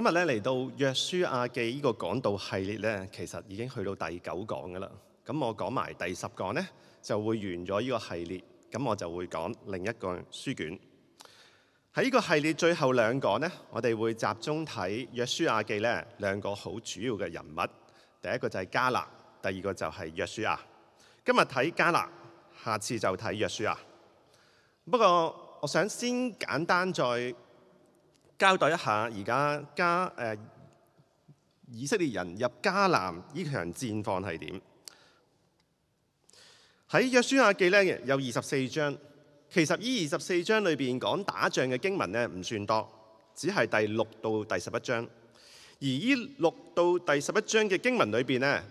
今日咧嚟到約書亞記呢個講道系列呢，其實已經去到第九講噶啦。咁我講埋第十講呢，就會完咗呢個系列。咁我就會講另一個書卷。喺呢個系列最後兩個呢，我哋會集中睇約書亞記呢兩個好主要嘅人物。第一個就係加勒，第二個就係約書亞。今日睇加勒，下次就睇約書亞。不過我想先簡單再交代一下，而家加誒、呃、以色列人入迦南呢場戰況係點？喺約書亞記呢有二十四章，其實呢二十四章裏邊講打仗嘅經文呢唔算多，只係第六到第十一章。而呢六到第十一章嘅經文裏邊呢，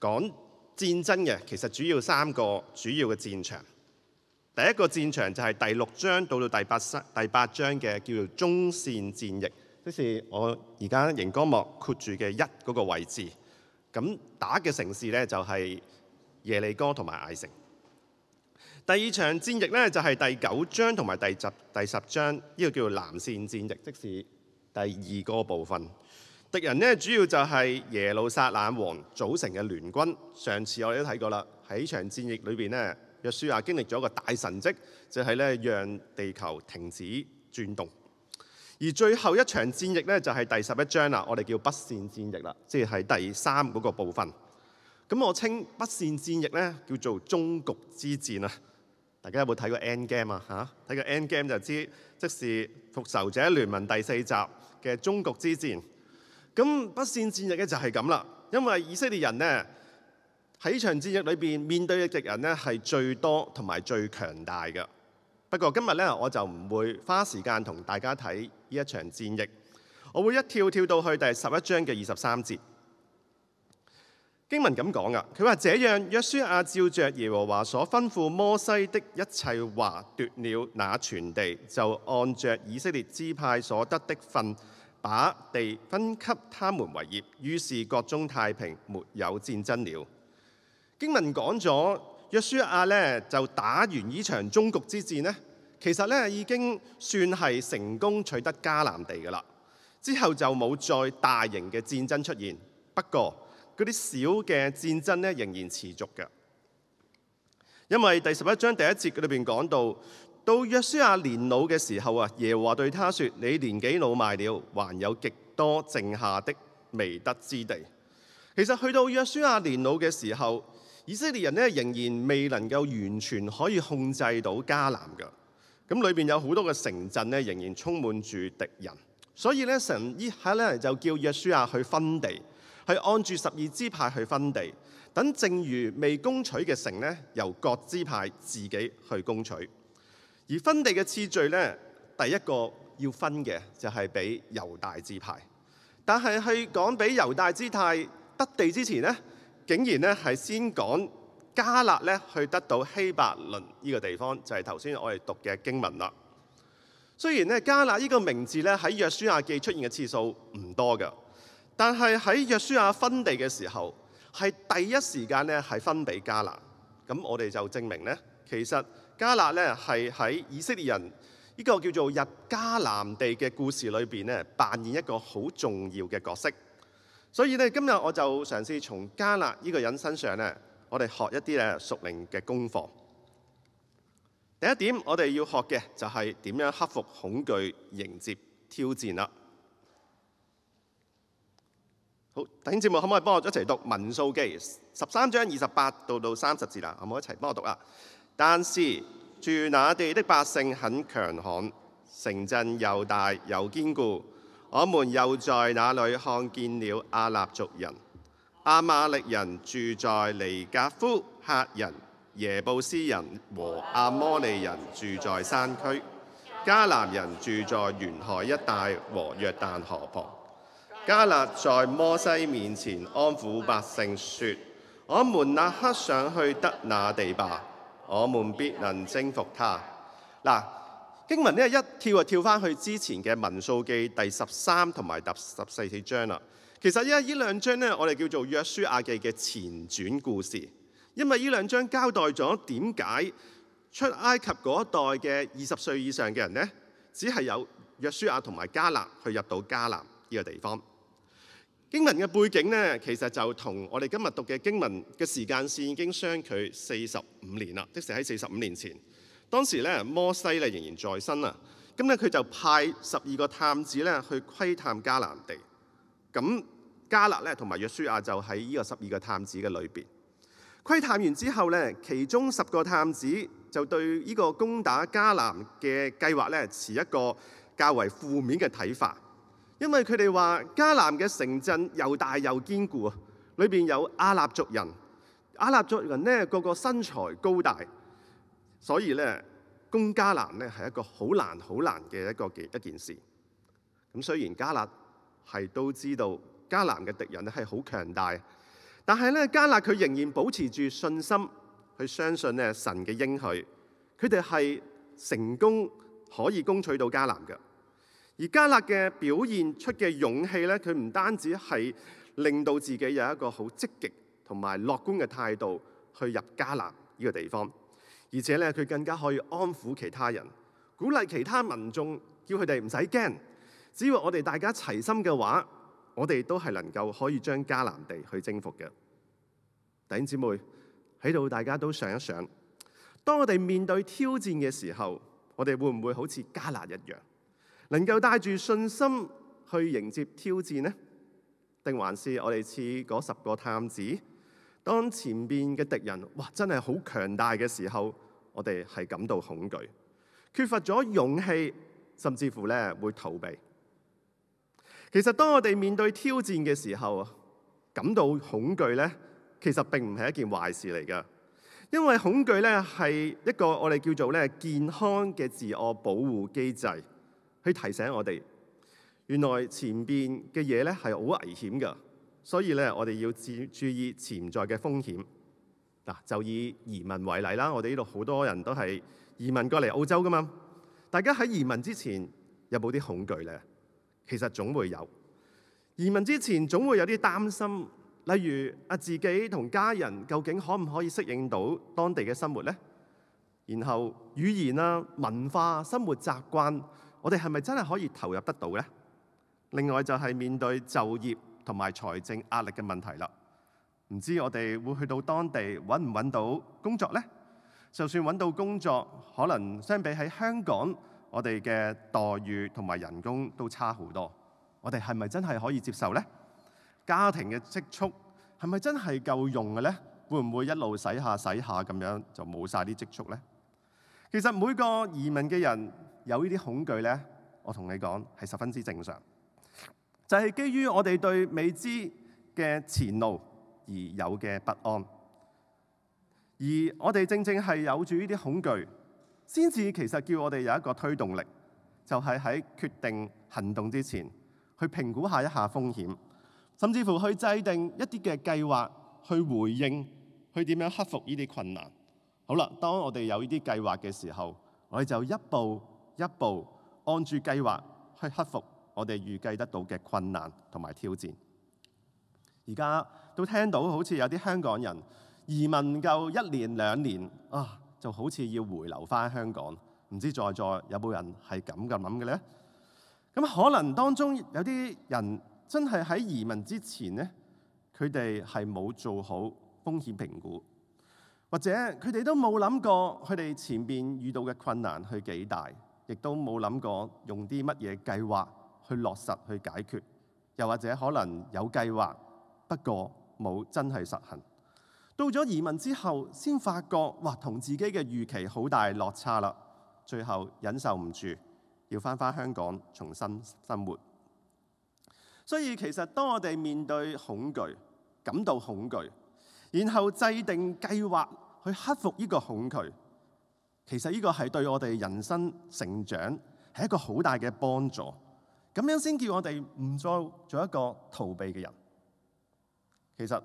講戰爭嘅，其實主要三個主要嘅戰場。第一個戰場就係第六章到到第八，第八章嘅叫做中線戰役，即係我而家熒光幕括住嘅一嗰個位置。咁打嘅城市呢，就係耶利哥同埋艾城。第二場戰役呢，就係第九章同埋第十第十章，呢個叫做南線戰役，即是第二個部分。敵人呢，主要就係耶路撒冷王組成嘅聯軍。上次我哋都睇過啦，喺呢場戰役裏邊呢。約書亞經歷咗一個大神蹟，就係咧讓地球停止轉動。而最後一場戰役咧，就係第十一章啦，我哋叫北線戰役啦，即係第三嗰個部分。咁我稱北線戰役咧叫做終局之戰啊！大家有冇睇過 End Game 啊？嚇，睇個 End Game 就知，即是復仇者聯盟第四集嘅終局之戰。咁北線戰役咧就係咁啦，因為以色列人呢。喺場戰役裏邊，面對嘅敵人呢，係最多同埋最強大嘅。不過今日呢，我就唔會花時間同大家睇呢一場戰役。我會一跳跳到去第十一章嘅二十三節經文咁講噶。佢話：這樣，約書亞照着耶和華所吩咐摩西的一切話奪了那全地，就按着以色列支派所得的份，把地分給他們為業。於是國中太平，沒有戰爭了。經文講咗，約書亞咧就打完呢場終局之戰呢，其實咧已經算係成功取得迦南地噶啦。之後就冇再大型嘅戰爭出現，不過嗰啲小嘅戰爭咧仍然持續嘅。因為第十一章第一節佢裏邊講到，到約書亞年老嘅時候啊，耶和華對他說：你年紀老邁了，還有極多剩下的未得之地。其實去到約書亞年老嘅時候，以色列人咧仍然未能夠完全可以控制到迦南噶，咁裏面有好多嘅城鎮咧仍然充滿住敵人，所以咧神一喺咧就叫約書亞去分地，去按住十二支派去分地，等剩餘未攻取嘅城由各支派自己去攻取。而分地嘅次序咧，第一個要分嘅就係俾猶大支派，但係去講俾猶大支派得地之前呢竟然咧係先講迦勒咧去得到希伯倫呢個地方，就係頭先我哋讀嘅經文啦。雖然咧迦勒呢個名字咧喺約書亞記出現嘅次數唔多㗎，但係喺約書亞分地嘅時候，係第一時間咧係分俾迦勒。咁我哋就證明咧，其實迦勒咧係喺以色列人呢個叫做入迦南地嘅故事裏邊咧，扮演一個好重要嘅角色。所以咧，今日我就嘗試從迦勒呢個人身上咧，我哋學一啲咧屬靈嘅功課。第一點，我哋要學嘅就係點樣克服恐懼、迎接挑戰啦。好，第一節目可唔可以幫我一齊讀《民數記》十三章二十八到到三十節啦？可唔可以一齊幫我讀啊？但是住那地的百姓很強悍，城鎮又大又堅固。我們又在那裏看見了亞衲族人、亞瑪力人住在尼格夫，赫人、耶布斯人和亞摩利人住在山區，迦南人住在沿海一帶和約旦河旁。迦勒在摩西面前安撫百姓說：我們立刻上去得那地吧，我們必能征服他。嗱！經文一跳就跳翻去之前嘅《民數記》第十三同埋第十四四章啦。其實呢一呢兩章呢，我哋叫做約書亞記嘅前傳故事，因為呢兩章交代咗點解出埃及嗰一代嘅二十歲以上嘅人呢，只係有約書亞同埋迦勒去入到迦南呢個地方。經文嘅背景呢，其實就同我哋今日讀嘅經文嘅時間線已經相距四十五年啦，即係喺四十五年前。當時咧，摩西咧仍然在身啊，咁咧佢就派十二個探子咧去窺探迦南地，咁迦勒咧同埋約書亞就喺呢個十二個探子嘅裏邊窺探完之後咧，其中十個探子就對呢個攻打迦南嘅計劃咧持一個較為負面嘅睇法，因為佢哋話迦南嘅城鎮又大又堅固啊，裏邊有亞衲族人，亞衲族人咧個個身材高大。所以咧，攻迦南咧係一個好難好難嘅一個嘅一件事。咁雖然迦勒係都知道迦南嘅敵人咧係好強大，但係咧迦勒佢仍然保持住信心，去相信咧神嘅應許，佢哋係成功可以攻取到迦南嘅。而迦勒嘅表現出嘅勇氣咧，佢唔單止係令到自己有一個好積極同埋樂觀嘅態度去入迦南呢個地方。而且咧，佢更加可以安撫其他人，鼓勵其他民眾，叫佢哋唔使驚。只要我哋大家齊心嘅話，我哋都係能夠可以將迦南地去征服嘅。弟兄姊妹喺度，在這裡大家都想一想，當我哋面對挑戰嘅時候，我哋會唔會好似迦勒一樣，能夠帶住信心去迎接挑戰呢？定還是我哋似嗰十個探子？當前面嘅敵人，哇！真係好強大嘅時候，我哋係感到恐懼，缺乏咗勇氣，甚至乎咧會逃避。其實當我哋面對挑戰嘅時候，感到恐懼咧，其實並唔係一件壞事嚟㗎，因為恐懼咧係一個我哋叫做咧健康嘅自我保護機制，去提醒我哋原來前面嘅嘢咧係好危險㗎。所以咧，我哋要注意潛在嘅風險嗱。就以移民為例啦，我哋呢度好多人都係移民過嚟澳洲㗎嘛。大家喺移民之前有冇啲恐懼呢？其實總會有，移民之前總會有啲擔心，例如啊，自己同家人究竟可唔可以適應到當地嘅生活呢？然後語言啊、文化、生活習慣，我哋係咪真係可以投入得到呢？另外就係面對就業。同埋財政壓力嘅問題啦，唔知我哋會去到當地揾唔揾到工作呢？就算揾到工作，可能相比喺香港，我哋嘅待遇同埋人工都差好多。我哋係咪真係可以接受呢？家庭嘅積蓄係咪真係夠用嘅呢？會唔會一路洗下洗下咁樣就冇晒啲積蓄呢？其實每個移民嘅人有呢啲恐懼呢，我同你講係十分之正常。就係基於我哋對未知嘅前路而有嘅不安，而我哋正正係有住呢啲恐懼，先至其實叫我哋有一個推動力，就係喺決定行動之前，去評估下一下風險，甚至乎去制定一啲嘅計劃去回應，去點樣克服呢啲困難。好啦，當我哋有呢啲計劃嘅時候，我哋就一步一步按住計劃去克服。我哋預計得到嘅困難同埋挑戰，而家都聽到好似有啲香港人移民夠一年兩年啊，就好似要回流翻香港，唔知在座有冇人係咁嘅諗嘅咧？咁可能當中有啲人真係喺移民之前咧，佢哋係冇做好風險評估，或者佢哋都冇諗過佢哋前邊遇到嘅困難去幾大，亦都冇諗過用啲乜嘢計劃。去落實去解決，又或者可能有計劃，不過冇真係實行。到咗移民之後，先發覺哇，同自己嘅預期好大落差啦。最後忍受唔住，要翻返香港重新生活。所以其實當我哋面對恐懼，感到恐懼，然後制定計劃去克服呢個恐懼，其實呢個係對我哋人生成長係一個好大嘅幫助。咁樣先叫我哋唔再做一個逃避嘅人。其實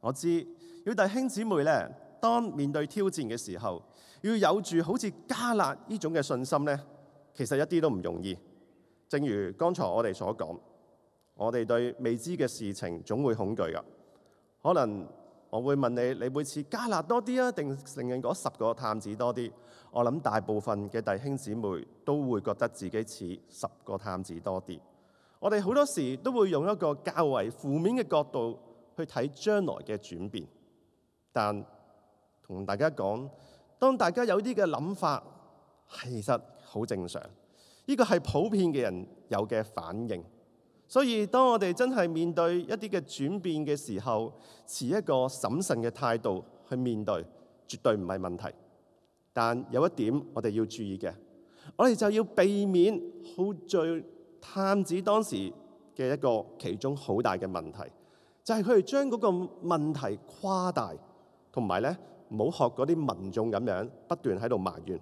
我知，要弟兄姊妹咧，當面對挑戰嘅時候，要有住好似迦勒呢種嘅信心咧，其實一啲都唔容易。正如剛才我哋所講，我哋對未知嘅事情總會恐懼噶。可能我會問你，你每次迦勒多啲啊，定承認嗰十個探子多啲？我諗大部分嘅弟兄姊妹都會覺得自己似十個探子多啲。我哋好多時都會用一個較為負面嘅角度去睇將來嘅轉變但，但同大家講，當大家有啲嘅諗法，其實好正常。呢、呢個係普遍嘅人有嘅反應。所以當我哋真係面對一啲嘅轉變嘅時候，持一個審慎嘅態度去面對，絕對唔係問題。但有一點，我哋要注意嘅，我哋就要避免好最探子當時嘅一個其中好大嘅問題，就係佢哋將嗰個問題誇大，同埋咧唔好學嗰啲民眾咁樣不斷喺度埋怨。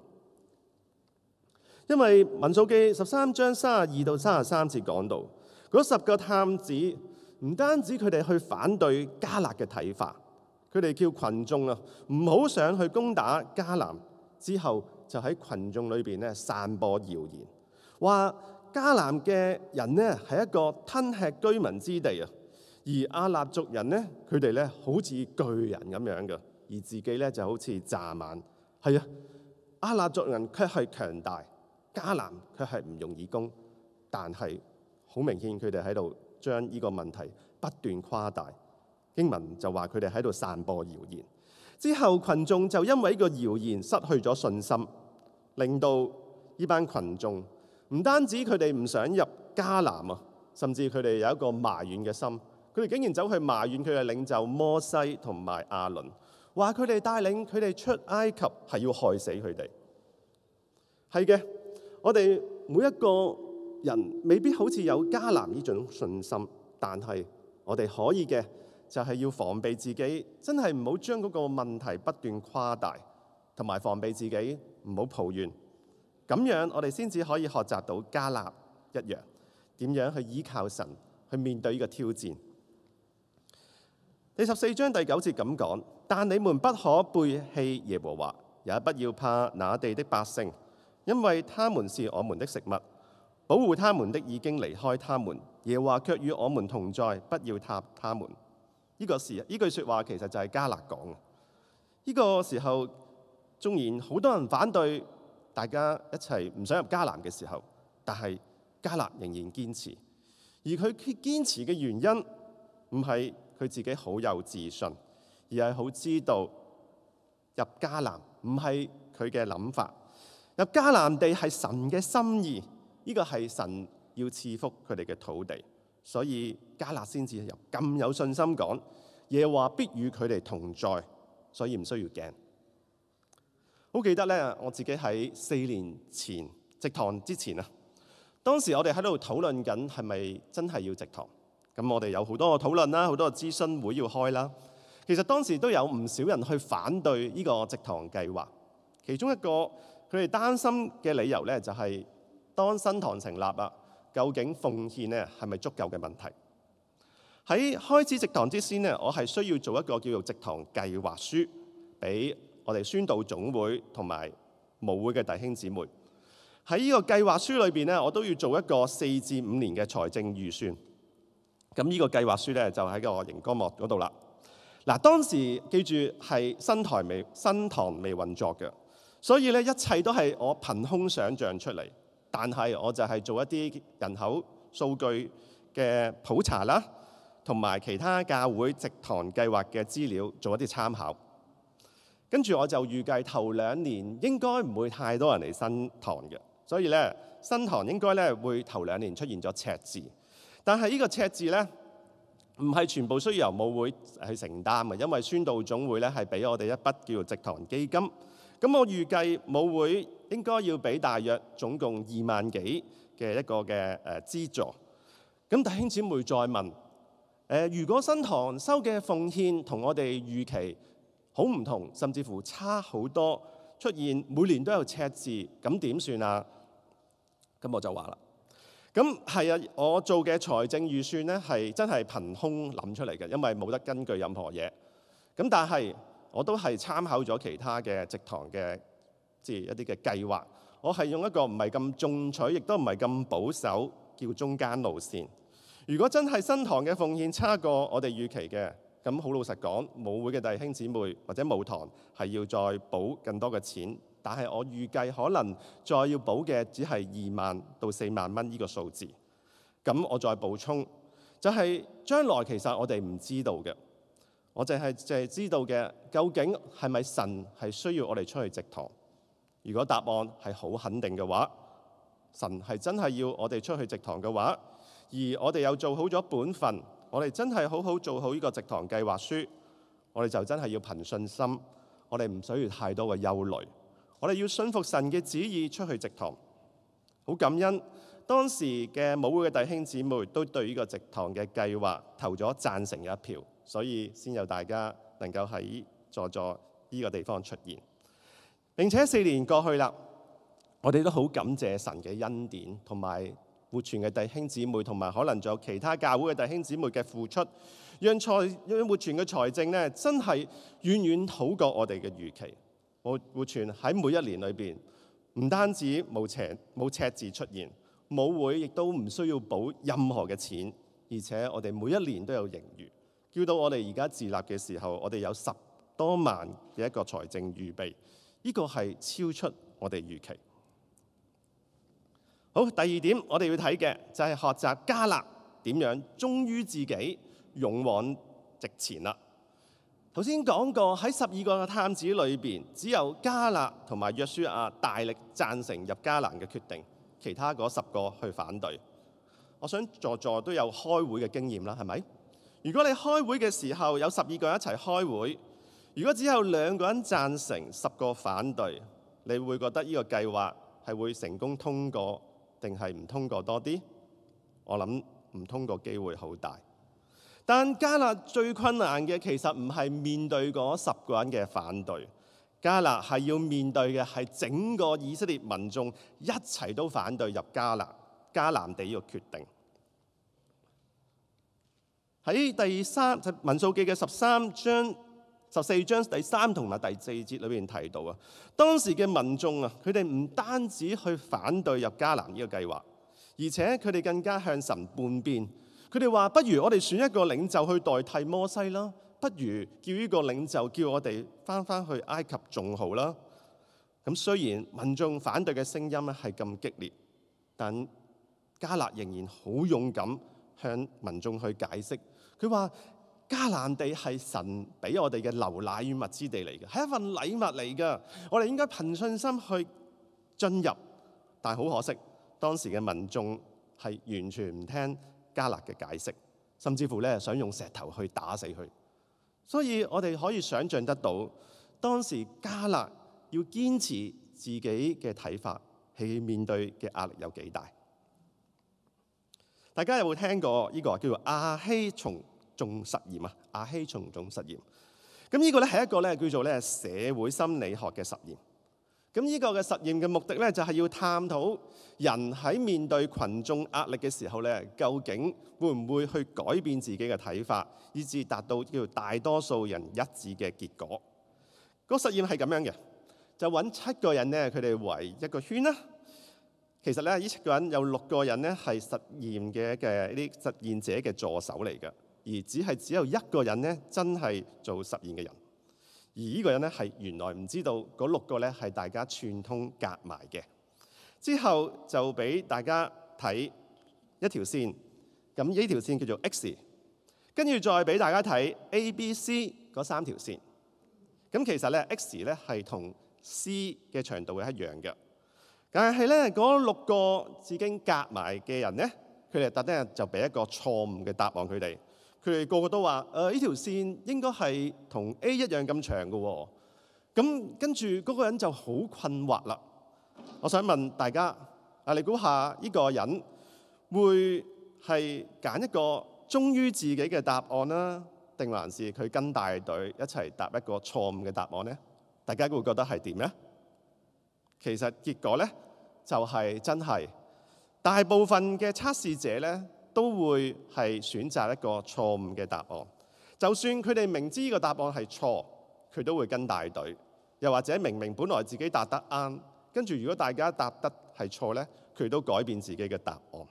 因為民數記十三章三十二到三十三節講到，嗰十個探子唔單止佢哋去反對迦勒嘅睇法，佢哋叫群眾啊，唔好上去攻打迦南。之後就喺群眾裏邊咧散播謠言，話迦南嘅人咧係一個吞吃居民之地啊，而亞納族人呢，佢哋咧好似巨人咁樣嘅，而自己咧就好似蚱蜢。係啊，亞納族人卻係強大，迦南卻係唔容易攻。但係好明顯佢哋喺度將呢個問題不斷誇大。經文就話佢哋喺度散播謠言。之後，群眾就因為一個謠言失去咗信心，令到呢班群眾唔單止佢哋唔想入迦南啊，甚至佢哋有一個埋怨嘅心，佢哋竟然走去埋怨佢嘅領袖摩西同埋亞倫，話佢哋帶領佢哋出埃及係要害死佢哋。係嘅，我哋每一個人未必好似有迦南呢種信心，但係我哋可以嘅。就係要防備自己，真係唔好將嗰個問題不斷誇大，同埋防備自己唔好抱怨。咁樣我哋先至可以學習到迦勒一樣點樣去依靠神去面對呢個挑戰。第十四章第九節咁講：「但你們不可背棄耶和華，也不要怕那地的百姓，因為他們是我們的食物。保護他們的已經離開他們，耶和華卻與我們同在，不要踏他，他們。呢、這個事，呢句說話其實就係加勒講。呢個時候，縱然好多人反對，大家一齊唔想入迦南嘅時候，但係加勒仍然堅持。而佢堅持嘅原因，唔係佢自己好有自信，而係好知道入迦南唔係佢嘅諗法，入迦南地係神嘅心意。呢個係神要賜福佢哋嘅土地。所以加勒先至又咁有信心講，嘢話必與佢哋同在，所以唔需要驚。好記得咧，我自己喺四年前植堂之前啊，當時我哋喺度討論緊係咪真係要植堂，咁我哋有好多個討論啦，好多個諮詢會要開啦。其實當時都有唔少人去反對呢個植堂計劃，其中一個佢哋擔心嘅理由咧，就係當新堂成立啊。究竟奉獻咧係咪足夠嘅問題？喺開始植堂之先咧，我係需要做一個叫做植堂計劃書，俾我哋宣道總會同埋無會嘅弟兄姊妹。喺呢個計劃書裏邊咧，我都要做一個四至五年嘅財政預算。咁呢個計劃書咧就喺個螢光幕嗰度啦。嗱，當時記住係新台未新堂未運作嘅，所以咧一切都係我憑空想像出嚟。但係我就係做一啲人口數據嘅普查啦，同埋其他教會植堂計劃嘅資料做一啲參考。跟住我就預計頭兩年應該唔會太多人嚟新堂嘅，所以咧新堂應該咧會頭兩年出現咗赤字。但係呢個赤字咧唔係全部需要由母會去承擔嘅，因為宣道總會咧係俾我哋一筆叫做植堂基金。咁我預計母會，應該要俾大約總共二萬幾嘅一個嘅誒資助。咁弟兄姊妹再問誒、呃，如果新堂收嘅奉獻同我哋預期好唔同，甚至乎差好多，出現每年都有赤字，咁點算啊？咁我就話啦，咁係啊，我做嘅財政預算咧係真係憑空諗出嚟嘅，因為冇得根據任何嘢。咁但係我都係參考咗其他嘅植堂嘅。一啲嘅計劃，我係用一個唔係咁縱取，亦都唔係咁保守，叫中間路線。如果真係新堂嘅奉獻差過我哋預期嘅，咁好老實講，母會嘅弟兄姊妹或者母堂係要再補更多嘅錢。但係我預計可能再要補嘅只係二萬到四萬蚊呢個數字。咁我再補充就係、是、將來其實我哋唔知道嘅，我淨係淨係知道嘅，究竟係咪神係需要我哋出去植堂？如果答案係好肯定嘅話，神係真係要我哋出去植堂嘅話，而我哋又做好咗本分，我哋真係好好做好呢個植堂計劃書，我哋就真係要憑信心，我哋唔需要太多嘅憂慮，我哋要信服神嘅旨意出去植堂。好感恩，當時嘅母會嘅弟兄姊妹都對呢個植堂嘅計劃投咗贊成嘅一票，所以先有大家能夠喺座座呢個地方出現。並且四年過去啦，我哋都好感謝神嘅恩典，同埋活泉嘅弟兄姊妹，同埋可能仲有其他教會嘅弟兄姊妹嘅付出，讓財讓活泉嘅財政咧，真係遠遠好過我哋嘅預期。活活泉喺每一年裏邊，唔單止冇赤冇赤字出現，母會亦都唔需要補任何嘅錢，而且我哋每一年都有盈餘。叫到我哋而家自立嘅時候，我哋有十多萬嘅一個財政預備。呢個係超出我哋預期。好，第二點我哋要睇嘅就係、是、學習迦勒點樣忠於自己，勇往直前啦。頭先講過喺十二個探子裏邊，只有迦勒同埋約書亞大力贊成入迦南嘅決定，其他嗰十個去反對。我想在座都有開會嘅經驗啦，係咪？如果你開會嘅時候有十二個人一齊開會。如果只有兩個人贊成，十個反對，你會覺得呢個計劃係會成功通過定係唔通過多啲？我諗唔通過機會好大。但迦勒最困難嘅其實唔係面對嗰十個人嘅反對，迦勒係要面對嘅係整個以色列民眾一齊都反對入迦勒迦南地呢個決定。喺第三就民數記嘅十三章。十四章第三同埋第四節裏邊提到啊，當時嘅民眾啊，佢哋唔單止去反對入迦南呢個計劃，而且佢哋更加向神叛變。佢哋話：不如我哋選一個領袖去代替摩西啦，不如叫呢個領袖叫我哋翻翻去埃及仲好啦。咁雖然民眾反對嘅聲音咧係咁激烈，但迦勒仍然好勇敢向民眾去解釋。佢話。迦南地係神俾我哋嘅流奶與蜜之地嚟嘅，係一份禮物嚟嘅。我哋應該憑信心去進入，但係好可惜，當時嘅民眾係完全唔聽迦勒嘅解釋，甚至乎咧想用石頭去打死佢。所以我哋可以想像得到，當時迦勒要堅持自己嘅睇法，係面對嘅壓力有幾大。大家有冇聽過呢個叫做阿希從？從眾實驗啊！阿希從眾實驗咁，呢個咧係一個咧叫做咧社會心理學嘅實驗。咁呢個嘅實驗嘅目的咧就係要探討人喺面對群眾壓力嘅時候咧，究竟會唔會去改變自己嘅睇法，以至達到叫做大多數人一致嘅結果。個實驗係咁樣嘅，就揾七個人咧，佢哋圍一個圈啦。其實咧，呢七個人有六個人咧係實驗嘅嘅呢啲實驗者嘅助手嚟嘅。而只係只有一個人咧，真係做實驗嘅人。而呢個人咧，係原來唔知道嗰六個咧係大家串通夾埋嘅。之後就俾大家睇一條線，咁呢條線叫做 X。跟住再俾大家睇 A、B、C 嗰三條線。咁其實咧，X 咧係同 C 嘅長度係一樣嘅。但係咧，嗰六個已經夾埋嘅人咧，佢哋特登就俾一個錯誤嘅答案，佢哋。佢哋個個都話：誒，呢條線應該係同 A 一樣咁長嘅喎、哦。咁跟住嗰個人就好困惑啦。我想問大家：啊，你估下呢個人會係揀一個忠於自己嘅答案啦、啊，定還是佢跟大隊一齊答一個錯誤嘅答案呢？大家會覺得係點呢？其實結果咧就係、是、真係。大部分嘅測試者咧，都會係選擇一個錯誤嘅答案，就算佢哋明知呢個答案係錯，佢都會跟大隊，又或者明明本來自己答得啱，跟住如果大家答得係錯咧，佢都改變自己嘅答案。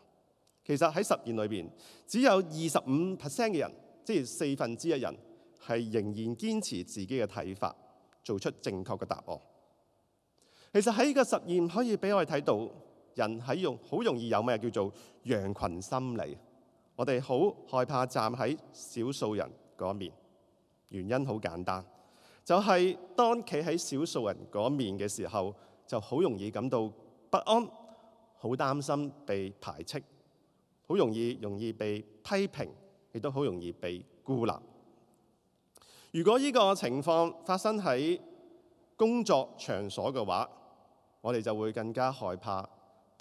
其實喺實驗裏邊，只有二十五 percent 嘅人，即係四分之一人，係仍然堅持自己嘅睇法，做出正確嘅答案。其實喺呢個實驗可以俾我哋睇到。人喺用好容易有咩叫做羊群心理？我哋好害怕站喺少數人嗰面，原因好簡單，就係當企喺少數人嗰面嘅時候，就好容易感到不安，好擔心被排斥，好容易容易被批評，亦都好容易被孤立。如果呢個情況發生喺工作場所嘅話，我哋就會更加害怕。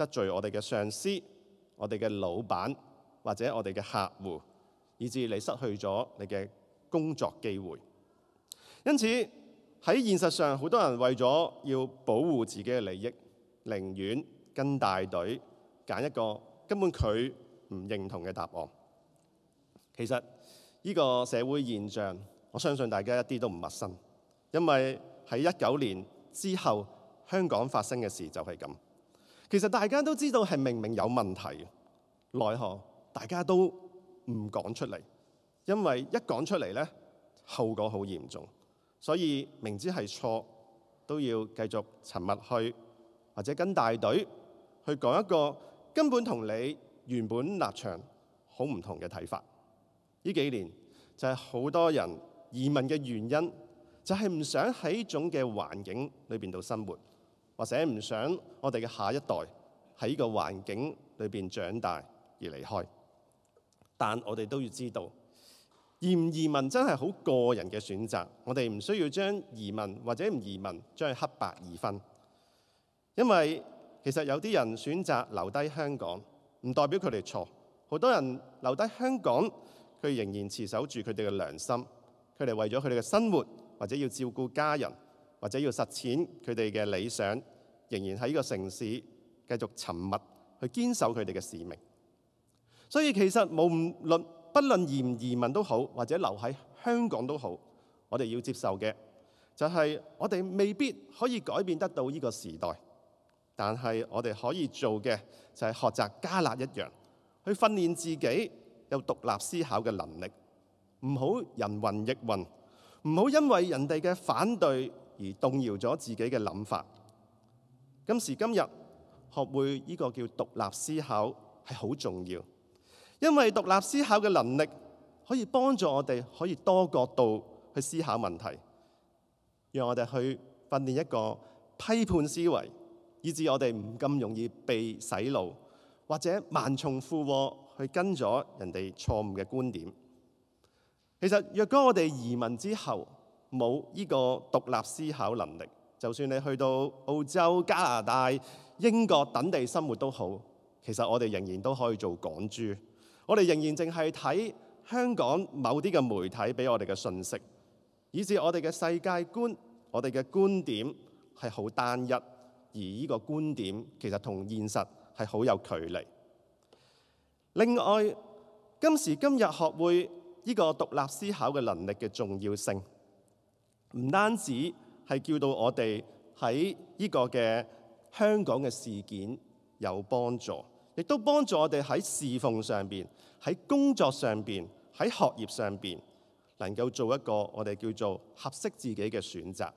得罪我哋嘅上司、我哋嘅老闆或者我哋嘅客戶，以至你失去咗你嘅工作機會。因此喺現實上，好多人為咗要保護自己嘅利益，寧願跟大隊揀一個根本佢唔認同嘅答案。其實，呢個社會現象，我相信大家一啲都唔陌生，因為喺一九年之後，香港發生嘅事就係咁。其實大家都知道係明明有問題，奈何大家都唔講出嚟，因為一講出嚟呢，後果好嚴重，所以明知係錯都要繼續沉默去，或者跟大隊去講一個根本同你原本立場好唔同嘅睇法。呢幾年就係好多人移民嘅原因，就係唔想喺種嘅環境裏面度生活。或者唔想我哋嘅下一代喺呢個環境裏邊長大而離開，但我哋都要知道，移唔移民真係好個人嘅選擇，我哋唔需要將移民或者唔移民將佢黑白二分，因為其實有啲人選擇留低香港，唔代表佢哋錯。好多人留低香港，佢仍然持守住佢哋嘅良心，佢哋為咗佢哋嘅生活或者要照顧家人。或者要實踐佢哋嘅理想，仍然喺呢個城市繼續沉默，去堅守佢哋嘅使命。所以其實無論，不論移唔移民都好，或者留喺香港都好，我哋要接受嘅就係我哋未必可以改變得到呢個時代，但係我哋可以做嘅就係學習迦勒一樣，去訓練自己有獨立思考嘅能力，唔好人云亦云，唔好因為人哋嘅反對，而動搖咗自己嘅諗法。今時今日，學會呢個叫獨立思考係好重要，因為獨立思考嘅能力可以幫助我哋可以多角度去思考問題，讓我哋去訓練一個批判思維，以致我哋唔咁容易被洗腦或者盲從附和去跟咗人哋錯誤嘅觀點。其實，若果我哋移民之後，冇依個獨立思考能力，就算你去到澳洲、加拿大、英國等地生活都好，其實我哋仍然都可以做港豬。我哋仍然淨係睇香港某啲嘅媒體俾我哋嘅信息，以至我哋嘅世界觀、我哋嘅觀點係好單一，而依個觀點其實同現實係好有距離。另外，今時今日學會依個獨立思考嘅能力嘅重要性。唔單止係叫到我哋喺呢個嘅香港嘅事件有幫助，亦都幫助我哋喺侍奉上面、喺工作上面、喺學業上面能夠做一個我哋叫做合適自己嘅選擇。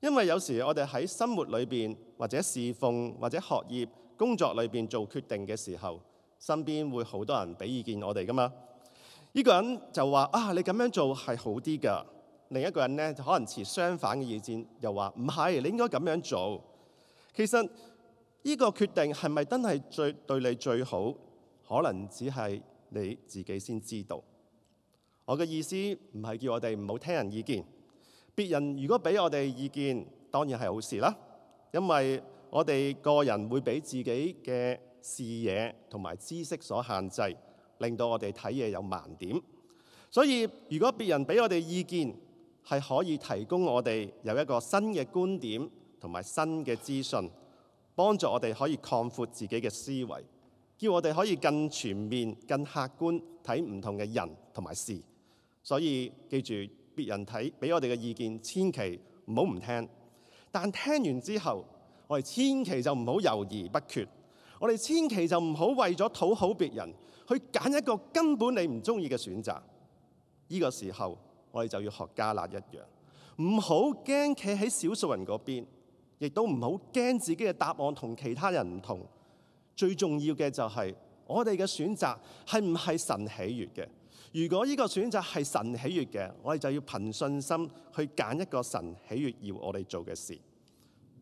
因為有時我哋喺生活裏面，或者侍奉或者學業工作裏面做決定嘅時候，身邊會好多人俾意見我哋噶嘛。呢個人就話啊，你咁樣做係好啲噶。另一個人咧就可能持相反嘅意見，又話唔係，你應該咁樣做。其實呢個決定係咪真係最對你最好？可能只係你自己先知道。我嘅意思唔係叫我哋唔好聽人意見，別人如果俾我哋意見，當然係好事啦。因為我哋個人會俾自己嘅視野同埋知識所限制，令到我哋睇嘢有盲點。所以如果別人俾我哋意見，係可以提供我哋有一個新嘅觀點同埋新嘅資訊，幫助我哋可以擴闊自己嘅思維，叫我哋可以更全面、更客觀睇唔同嘅人同埋事。所以記住，別人睇俾我哋嘅意見，千祈唔好唔聽。但聽完之後，我哋千祈就唔好猶豫不決，我哋千祈就唔好為咗討好別人，去揀一個根本你唔中意嘅選擇。呢個時候，我哋就要學迦勒一樣，唔好驚企喺少數人嗰邊，亦都唔好驚自己嘅答案同其他人唔同。最重要嘅就係、是、我哋嘅選擇係唔係神喜悅嘅？如果呢個選擇係神喜悅嘅，我哋就要憑信心去揀一個神喜悅要我哋做嘅事。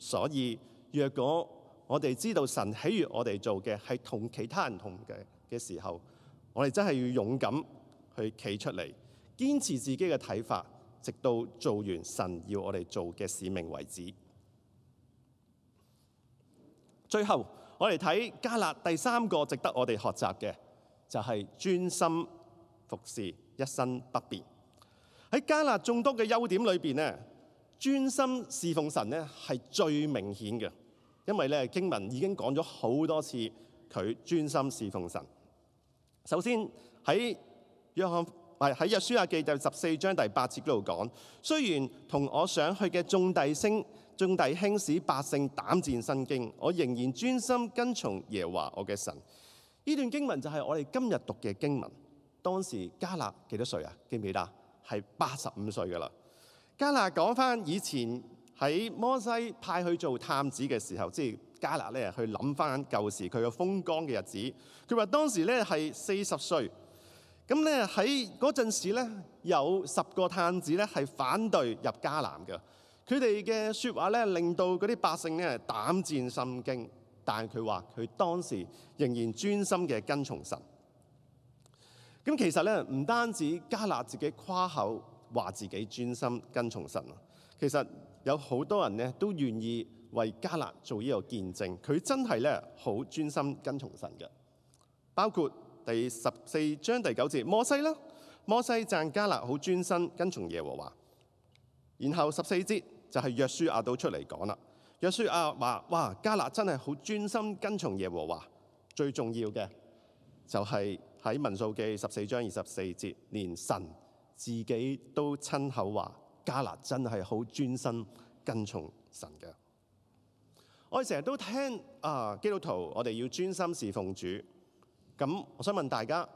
所以，若果我哋知道神喜悅我哋做嘅係同其他人同嘅嘅時候，我哋真係要勇敢去企出嚟。堅持自己嘅睇法，直到做完神要我哋做嘅使命為止。最後，我哋睇迦勒第三個值得我哋學習嘅，就係、是、專心服侍，一生不變。喺迦勒眾多嘅優點裏面，咧，專心侍奉神咧係最明顯嘅，因為咧經文已經講咗好多次佢專心侍奉神。首先喺約翰。係喺約書亞記第十四章第八節嗰度講，雖然同我上去嘅眾弟兄、眾弟兄使百姓膽戰心驚，我仍然專心跟從耶和華我嘅神。呢段經文就係我哋今日讀嘅經文。當時加勒幾多歲啊？記唔記得？係八十五歲噶啦。加勒講翻以前喺摩西派去做探子嘅時候，即係加勒咧去諗翻舊時佢嘅風光嘅日子。佢話當時咧係四十歲。咁咧喺嗰陣時咧，有十個探子咧係反對入迦南嘅。佢哋嘅説話咧，令到嗰啲百姓咧係膽戰心驚。但係佢話佢當時仍然專心嘅跟從神。咁其實咧，唔單止迦勒自己誇口話自己專心跟從神，其實有好多人咧都願意為迦勒做呢個見證。佢真係咧好專心跟從神嘅，包括，第十四章第九節，摩西啦，摩西贊加勒好專心跟從耶和華。然後十四節就係、是、約書亞都出嚟講啦，約書亞話：哇，加勒真係好專心跟從耶和華。最重要嘅就係喺民數記十四章二十四節，連神自己都親口話加勒真係好專心跟從神嘅。我哋成日都聽啊，基督徒，我哋要專心侍奉主。咁，我想問大家，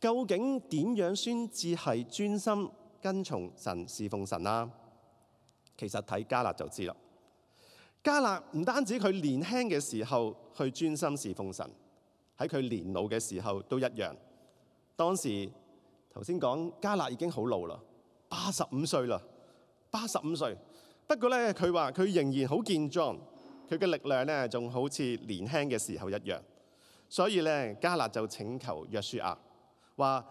究竟點樣先至係專心跟從神、侍奉神啦，啊？其實睇迦勒就知啦。迦勒唔單止佢年輕嘅時候去專心侍奉神，喺佢年老嘅時候都一樣。當時頭先講迦勒已經好老啦，八十五歲啦，八十五歲。不過咧，佢話佢仍然好健壯，佢嘅力量咧仲好似年輕嘅時候一樣。所以咧，迦勒就請求約書亞，話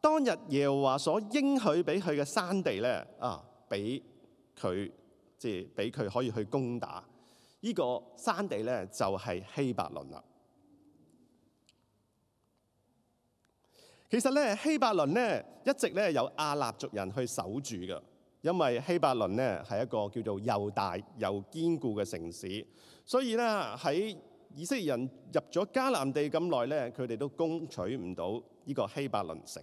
當日耶和華所應許俾佢嘅山地咧，啊，俾佢即係俾佢可以去攻打。呢個山地咧就係希伯倫啦。其實咧，希伯倫咧一直咧有亞衲族人去守住嘅，因為希伯倫咧係一個叫做又大又堅固嘅城市，所以咧喺。以色列人入咗迦南地咁耐咧，佢哋都攻取唔到呢個希伯倫城。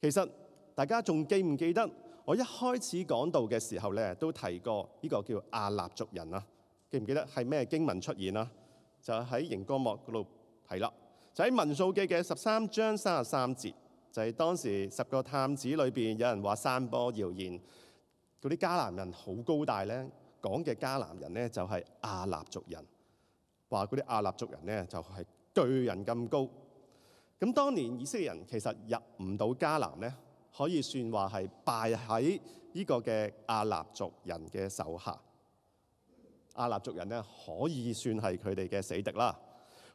其實大家仲記唔記得我一開始講到嘅時候咧，都提過呢個叫亞衲族人啦。記唔記得係咩經文出現啦？就喺螢光幕嗰度睇啦。就喺《民數記》嘅十三章三十三節，就係、是、當時十個探子裏邊有人話散播謠言，嗰啲迦南人好高大咧，講嘅迦南人咧就係亞衲族人。話嗰啲阿納族人咧就係巨人咁高。咁當年以色列人其實入唔到迦南咧，可以算話係敗喺呢個嘅阿納族人嘅手下。阿納族人咧可以算係佢哋嘅死敵啦。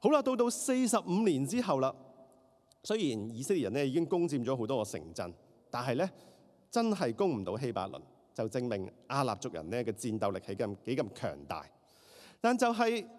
好啦，到到四十五年之後啦，雖然以色列人咧已經攻佔咗好多個城鎮，但係咧真係攻唔到希伯倫，就證明阿納族人咧嘅戰鬥力係咁幾咁強大。但就係、是。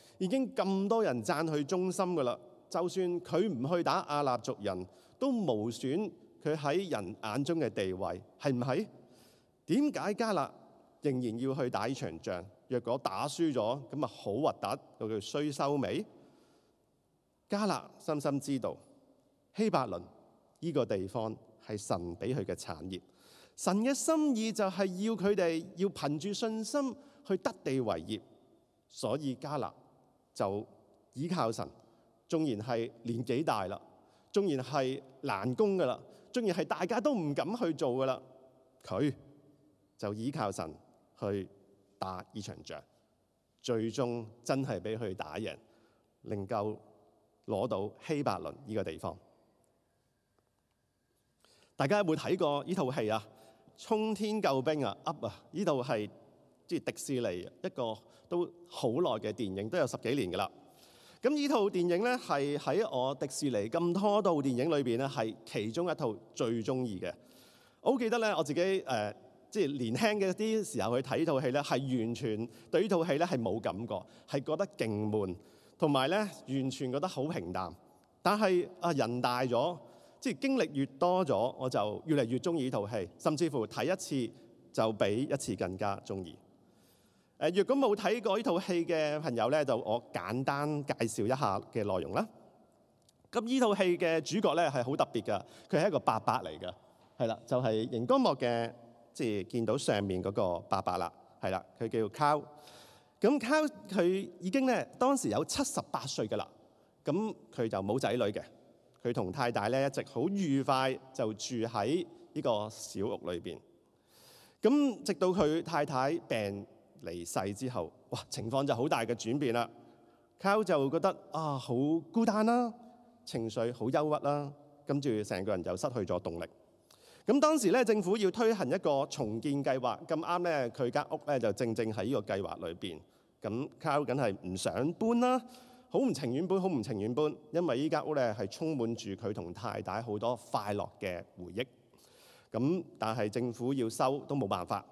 已經咁多人讚佢忠心噶啦，就算佢唔去打阿納族人，都無損佢喺人眼中嘅地位，係唔係？點解加勒仍然要去打呢場仗？若果打輸咗，咁啊好核突，叫衰收尾。加勒深深知道希伯倫呢個地方係神俾佢嘅產業，神嘅心意就係要佢哋要憑住信心去得地為業，所以加勒，就倚靠神，縱然係年紀大啦，縱然係難攻嘅啦，縱然係大家都唔敢去做嘅啦，佢就倚靠神去打呢場仗，最終真係俾佢打贏，能夠攞到希伯倫呢個地方。大家有冇睇過呢套戲啊？《衝天救兵》啊，Up 啊！呢度係。迪士尼一個都好耐嘅電影，都有十幾年㗎啦。咁呢套電影咧，係喺我迪士尼咁多套電影裏邊咧，係其中一套最中意嘅。我好記得咧，我自己誒、呃、即係年輕嘅啲時候去睇呢套戲咧，係完全對呢套戲咧係冇感覺，係覺得勁悶，同埋咧完全覺得好平淡。但係啊，人大咗，即係經歷越多咗，我就越嚟越中意呢套戲，甚至乎睇一次就比一次更加中意。誒，如果冇睇過呢套戲嘅朋友咧，就我簡單介紹一下嘅內容啦。咁呢套戲嘅主角咧係好特別嘅，佢係一個伯伯嚟嘅，係啦，就係、是、熒光幕嘅，即係見到上面嗰個伯伯啦，係啦，佢叫 Carl。咁 Carl 佢已經咧當時有七十八歲㗎啦，咁佢就冇仔女嘅，佢同太太咧一直好愉快就住喺呢個小屋裏面。咁直到佢太太病離世之後，哇，情況就好大嘅轉變啦。Carl 就覺得啊，好孤單啦、啊，情緒好憂鬱啦、啊，跟住成個人就失去咗動力。咁當時咧，政府要推行一個重建計劃，咁啱咧，佢間屋咧就正正喺呢個計劃裏面。咁 Carl 梗係唔想搬啦，好唔情願搬，好唔情願搬，因為依間屋咧係充滿住佢同太太好多快樂嘅回憶。咁但係政府要收都冇辦法。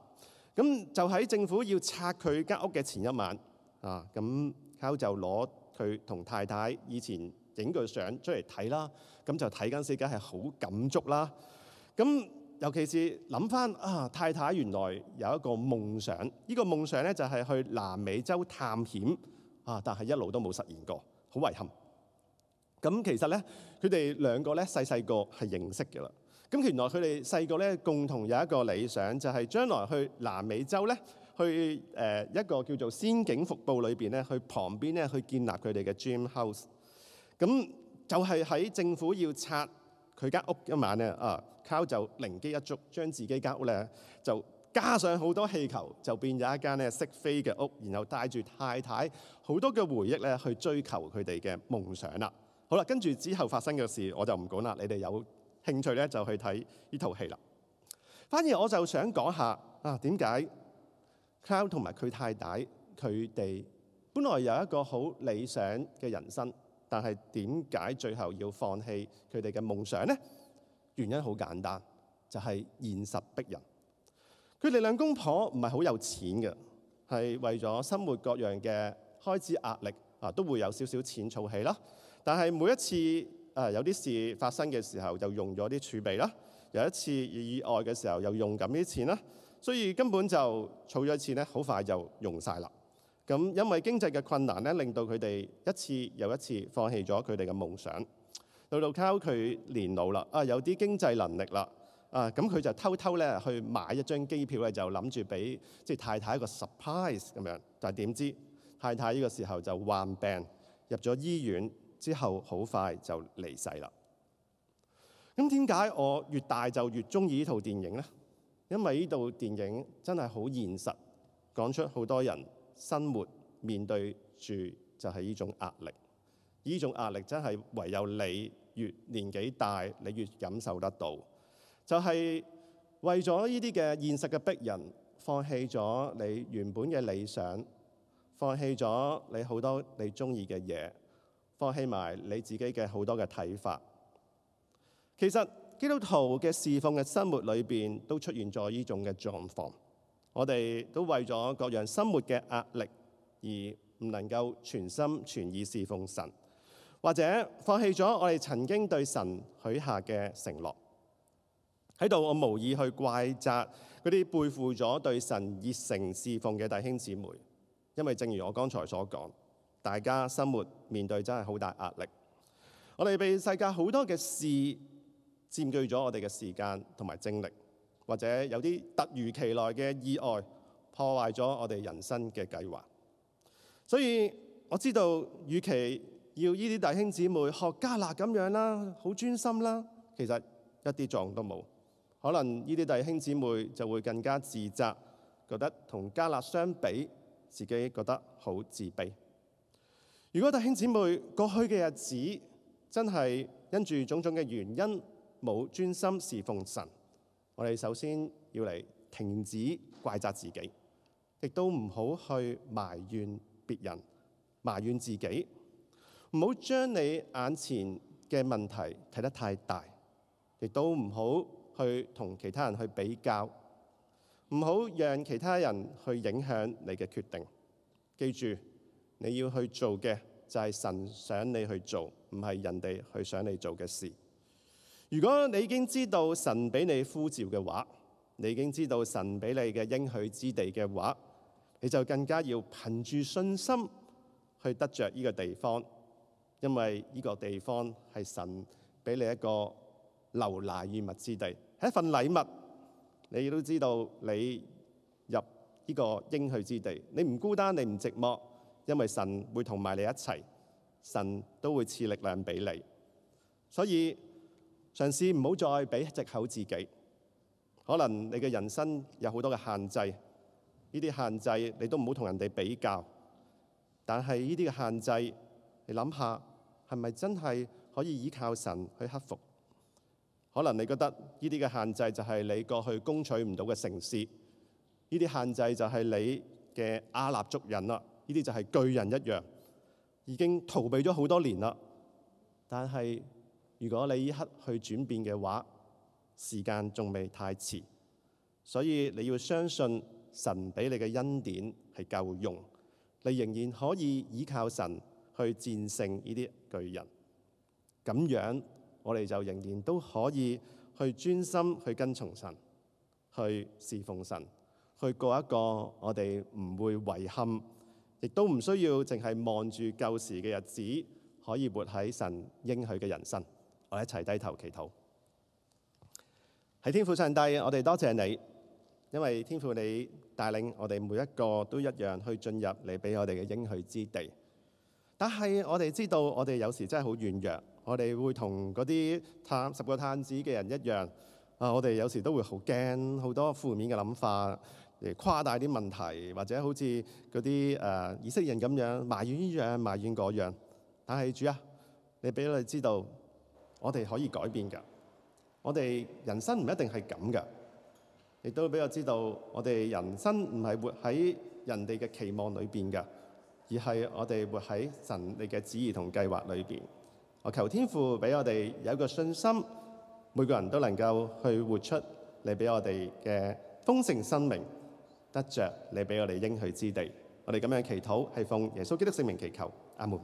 咁就喺政府要拆佢間屋嘅前一晚，啊咁，佢就攞佢同太太以前影嘅相出嚟睇啦，咁就睇緊時梗係好感觸啦。咁尤其是諗返啊，太太原來有一個夢想，呢個夢想咧就係去南美洲探險啊，但係一路都冇實現過，好遺憾。咁其實咧，佢哋兩個咧細細個係認識嘅啦。咁原來佢哋細個咧共同有一個理想，就係將來去南美洲咧，去一個叫做仙境瀑布裏面咧，去旁邊咧去建立佢哋嘅 dream house。咁就係喺政府要拆佢間屋一晚咧，啊 Carl 就靈機一觸，將自己間屋咧就加上好多氣球，就變咗一間咧識飛嘅屋，然後帶住太太好多嘅回憶咧去追求佢哋嘅夢想啦。好啦，跟住之後發生嘅事我就唔講啦，你哋有。興趣咧就去睇呢套戲啦。反而我就想講下啊，點解 Cloud 同埋佢太太，佢哋本來有一個好理想嘅人生，但係點解最後要放棄佢哋嘅夢想咧？原因好簡單，就係現實逼人。佢哋兩公婆唔係好有錢嘅，係為咗生活各樣嘅開支壓力啊，都會有少少錢儲起啦。但係每一次，啊！有啲事發生嘅時候，就用咗啲儲備啦；有一次意外嘅時候，又用緊啲錢啦。所以根本就儲咗錢咧，好快就用晒啦。咁因為經濟嘅困難咧，令到佢哋一次又一次放棄咗佢哋嘅夢想。老老靠佢年老啦，啊有啲經濟能力啦，啊咁佢就偷偷咧去買一張機票咧，就諗住俾即係太太一個 surprise 咁樣。但係點知太太呢個時候就患病入咗醫院。之後好快就離世啦。咁點解我越大就越中意呢套電影呢？因為呢套電影真係好現實，講出好多人生活面對住就係呢種壓力。呢種壓力真係唯有你越年紀大，你越感受得到。就係為咗呢啲嘅現實嘅逼人，放棄咗你原本嘅理想，放棄咗你好多你中意嘅嘢。放棄埋你自己嘅好多嘅睇法，其實基督徒嘅侍奉嘅生活裏邊都出現咗呢種嘅狀況。我哋都為咗各樣生活嘅壓力而唔能夠全心全意侍奉神，或者放棄咗我哋曾經對神許下嘅承諾，喺度我無意去怪責嗰啲背負咗對神熱誠侍奉嘅弟兄姊妹，因為正如我剛才所講。大家生活面對真係好大壓力，我哋被世界好多嘅事佔據咗我哋嘅時間同埋精力，或者有啲突如其來嘅意外破壞咗我哋人生嘅計劃。所以我知道，與其要呢啲弟兄姊妹學迦勒咁樣啦，好專心啦，其實一啲作用都冇。可能呢啲弟兄姊妹就會更加自責，覺得同迦勒相比，自己覺得好自卑。如果弟兄姊妹過去嘅日子真係因住種種嘅原因冇專心侍奉神，我哋首先要嚟停止怪責自己，亦都唔好去埋怨別人，埋怨自己，唔好將你眼前嘅問題睇得太大，亦都唔好去同其他人去比較，唔好讓其他人去影響你嘅決定。記住。你要去做嘅就係、是、神想你去做，唔係人哋去想你做嘅事。如果你已經知道神俾你呼召嘅話，你已經知道神俾你嘅應許之地嘅話，你就更加要憑住信心去得着呢個地方，因為呢個地方係神俾你一個流奶與蜜之地，係一份禮物。你都知道你入呢個應許之地，你唔孤單，你唔寂寞。因為神會同埋你一齊，神都會賜力量俾你，所以嘗試唔好再俾藉口自己。可能你嘅人生有好多嘅限制，呢啲限制你都唔好同人哋比較。但係呢啲嘅限制，你諗下係咪真係可以依靠神去克服？可能你覺得呢啲嘅限制就係你過去攻取唔到嘅城市，呢啲限制就係你嘅阿納族人啦。呢啲就係巨人一樣，已經逃避咗好多年啦。但係如果你一刻去轉變嘅話，時間仲未太遲，所以你要相信神俾你嘅恩典係夠用，你仍然可以依靠神去戰勝呢啲巨人。咁樣我哋就仍然都可以去專心去跟從神，去侍奉神，去過一個我哋唔會遺憾。亦都唔需要淨係望住舊時嘅日子，可以活喺神應許嘅人生。我哋一齊低頭祈禱。喺天父上帝，我哋多謝你，因為天父你帶領我哋每一個都一樣去進入你俾我哋嘅應許之地。但係我哋知道，我哋有時真係好軟弱，我哋會同嗰啲探十個探子嘅人一樣。啊，我哋有時都會好驚，好多負面嘅諗法。嚟誇大啲問題，或者好似嗰啲誒以色列人咁樣埋怨呢樣埋怨嗰樣。但係主啊，你俾我哋知道，我哋可以改變㗎。我哋人生唔一定係咁㗎。亦都俾我知道，我哋人生唔係活喺人哋嘅期望裏邊㗎，而係我哋活喺神你嘅旨意同計劃裏邊。我求天父俾我哋有一個信心，每個人都能夠去活出你俾我哋嘅豐盛生命，得着你俾我哋應許之地，我哋咁樣祈禱，係奉耶穌基督聖名祈求，阿門。